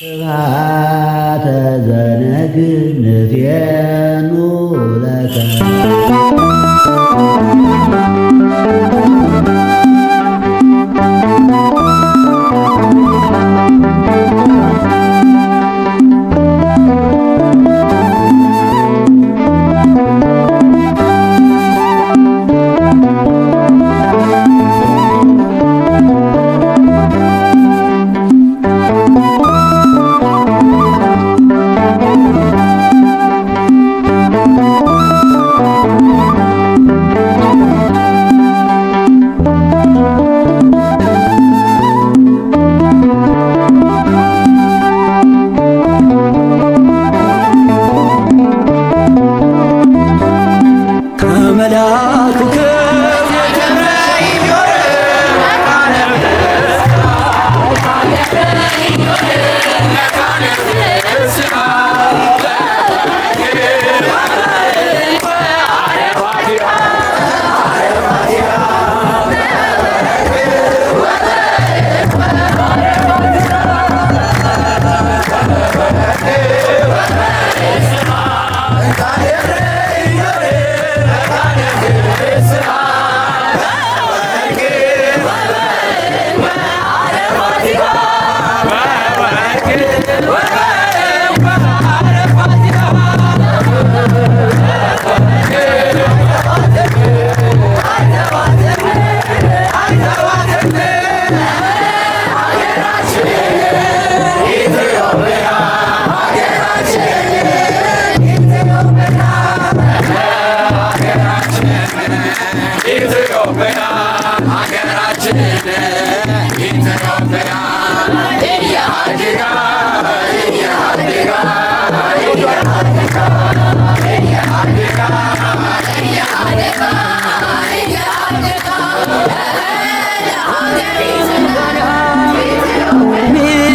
ስብሐተ ዘነግህንፌኑ ለከ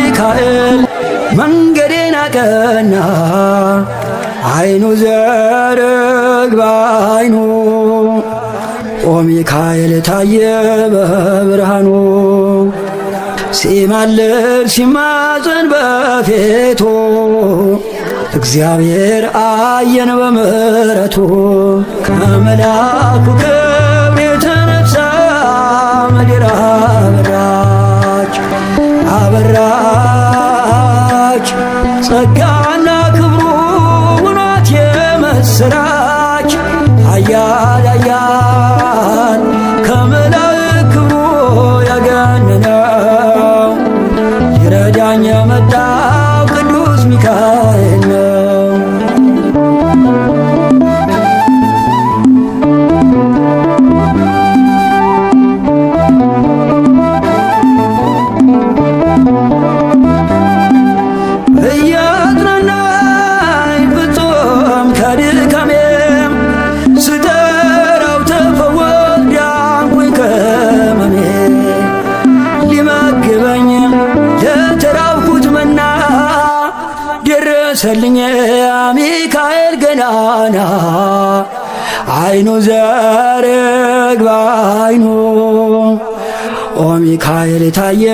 ሚካኤል መንገዴን አቀና አይኑ ዘርግ አይኑ ኦ ሚካኤል ታየ በብርሃኑ ሲማልድ ሲማዘን በፊቱ እግዚአብሔር አየን በምሕረቱ ከመላኩ ክብር የተነሳ ምድር አበራች አበራች ጸጋና ክብሩ ውናት የመስራች አያል አያል ደረሰልኝ ሚካኤል ገናና አይኑ ዘርግ ባይኑ ኦ ሚካኤል ታየ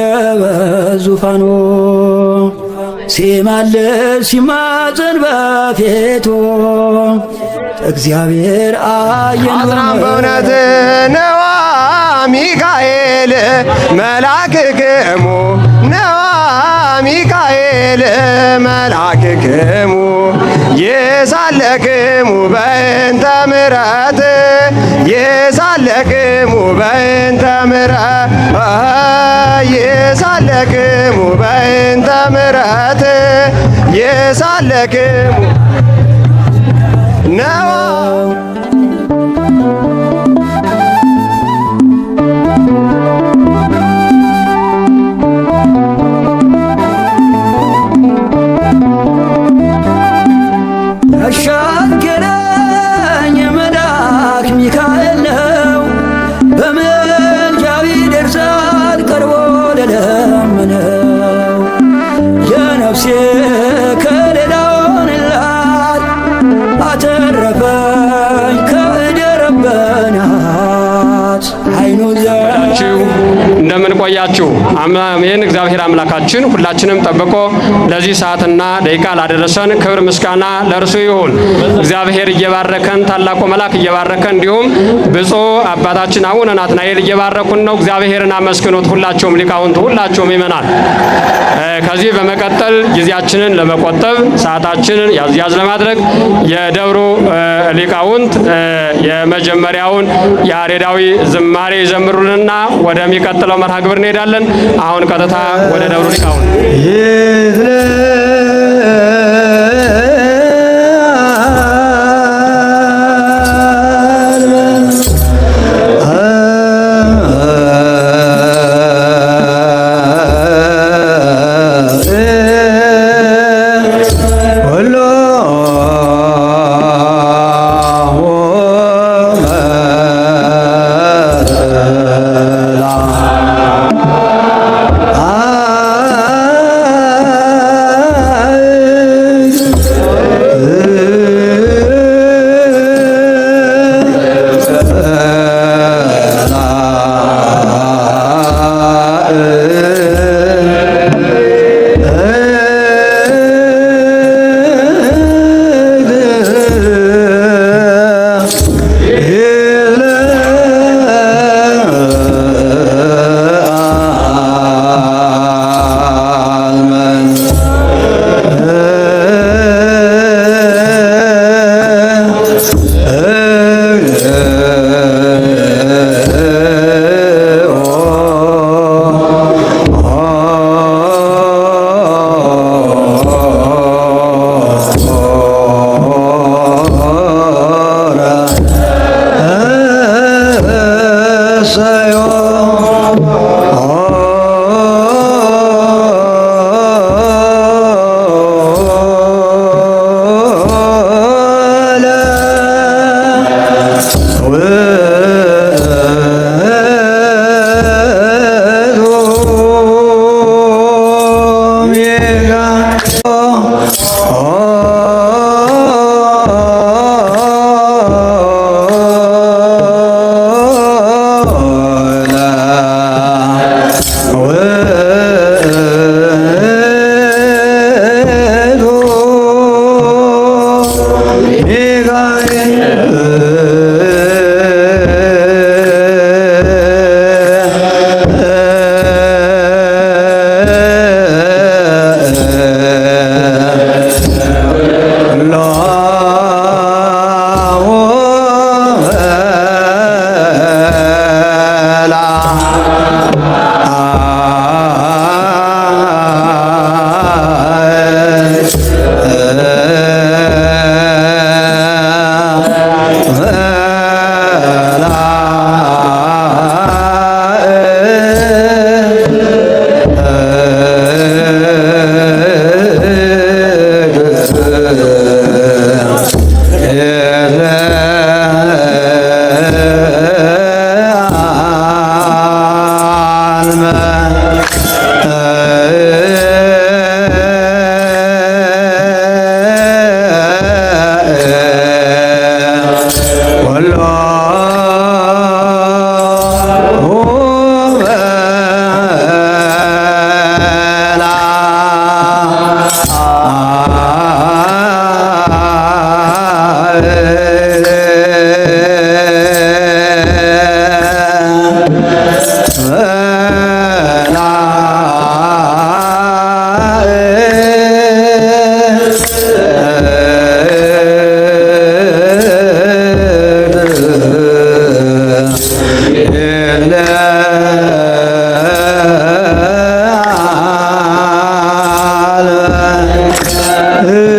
በዙፋኑ ሲማልድ ሲማጽን በፊቱ እግዚአብሔር አየን በእውነት ነዋ ሚካኤል መላክ ክሙ ለመላክክሙ የሳለክሙ በእንተ ምረት የሳለክሙ በእንተ ምረት የሳለክሙ በእንተ የሳለክሙ ነው ቆያችሁ። አሜን። እግዚአብሔር አምላካችን ሁላችንም ጠብቆ ለዚህ ሰዓትና ደቂቃ ላደረሰን ክብር ምስጋና ለእርሱ ይሁን። እግዚአብሔር እየባረከን ታላቁ መልአክ እየባረከን እንዲሁም ብፁዕ አባታችን አቡነ ናትናኤል እየባረኩን ነው። እግዚአብሔርን አመስግኖት ሁላችሁም ሊቃውንት ሁላችሁም ይመናል። ከዚህ በመቀጠል ጊዜያችንን ለመቆጠብ ሰዓታችንን ያዝ ለማድረግ የደብሩ ሊቃውንት የመጀመሪያውን ያሬዳዊ ዝማሬ ይዘምሩልንና ወደሚቀጥለው መርሃ ክብር እንሄዳለን። አሁን ቀጥታ ወደ ደብሩ ሊቃውን Allah. 哎。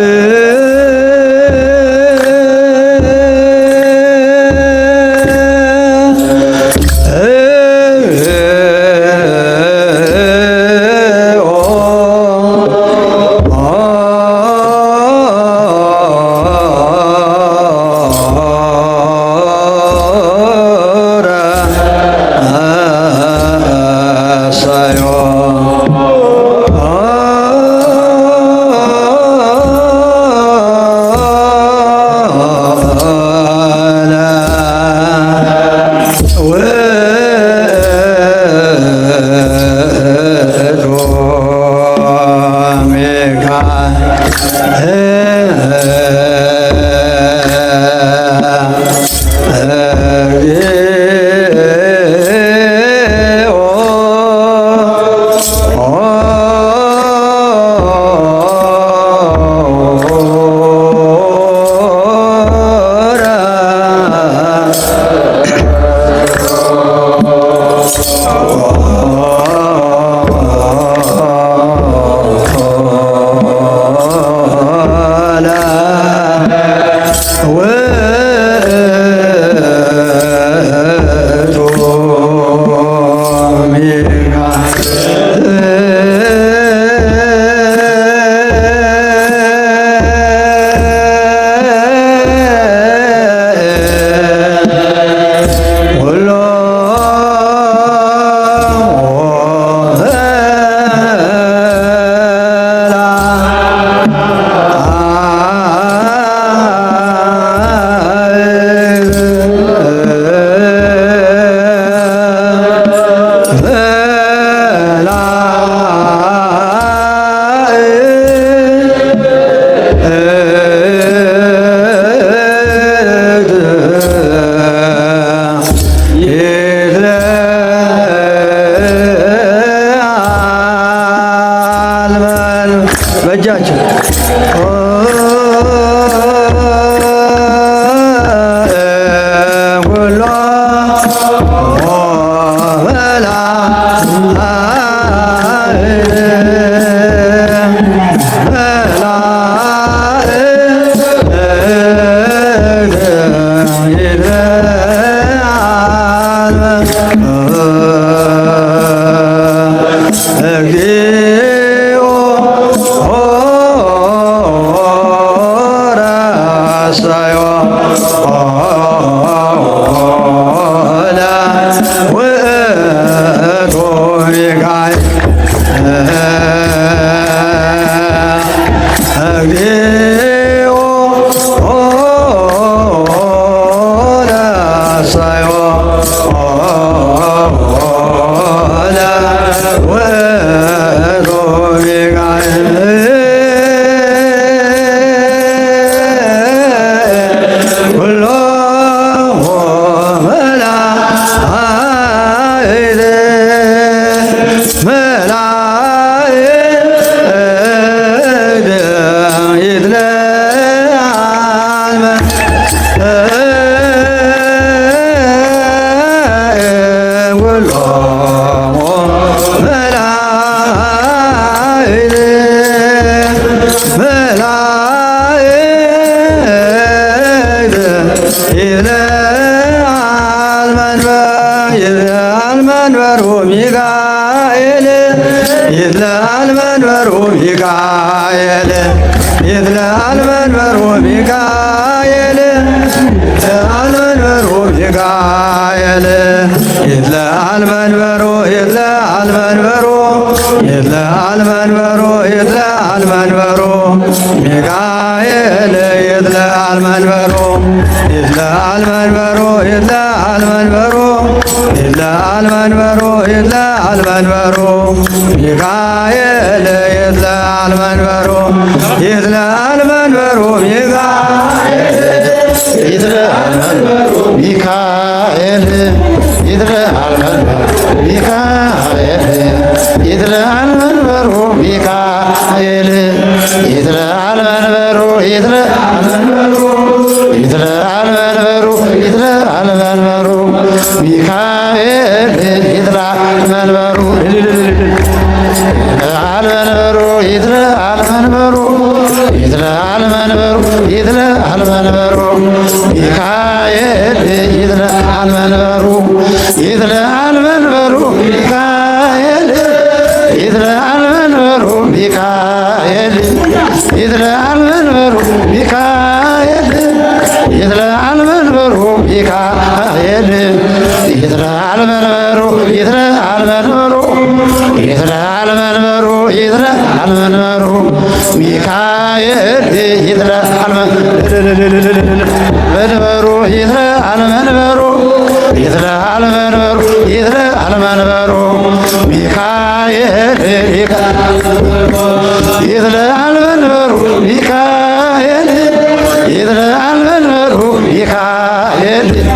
መላ መንበሩ ሚካኤል ይትለአል መንበሩ ሚካኤል ይትለአል መንበሩ ሚካኤል ይትለአል መንበሩ ሚካኤል ይትለአል መንበሩ ይትለአል መንበሩ ይትለአል መንበሩ ይትለአል መንበሩ ሚካኤል ይትለአል መንበሩ ይትለአል መንበሩ ይትለአል መንበሩ ይለአል መንበሩ ይለአል መንበሩ ሚካኤል ይለአል መንበሩ ይለአል መንበሩ ሚካኤል ይለአል መንበሩ ሚካኤል ይለአል መንበሩ ይትረአል መንበሩ ይትረአል መንበሩ ሚካኤል ይትረአል መንበሩ ይትረአል መንበሩ ይትረአል መንበሩ ይትረአል መንበሩ ይትረአል መንበሩ ሚካኤል ይትረአል መንበሩ ይትረአል መንበሩ ሚካኤል ይትረአል መንበሩ ሚካኤል ይትረአል ሚካኤል ይትረሃል መንበሩ ይትረሃል መንበሩ ይትረሃል መንበሩ ይትረሃል መንበሩ ሚካኤል ይትረሃል መንበሩ ይትረሃል መንበሩ ይትረሃል መንበሩ ይትረሃል መንበሩ ሚካኤል ይትረሃል መንበሩ ሚካኤል ይትረሃል መንበሩ ሚካኤል Yeah.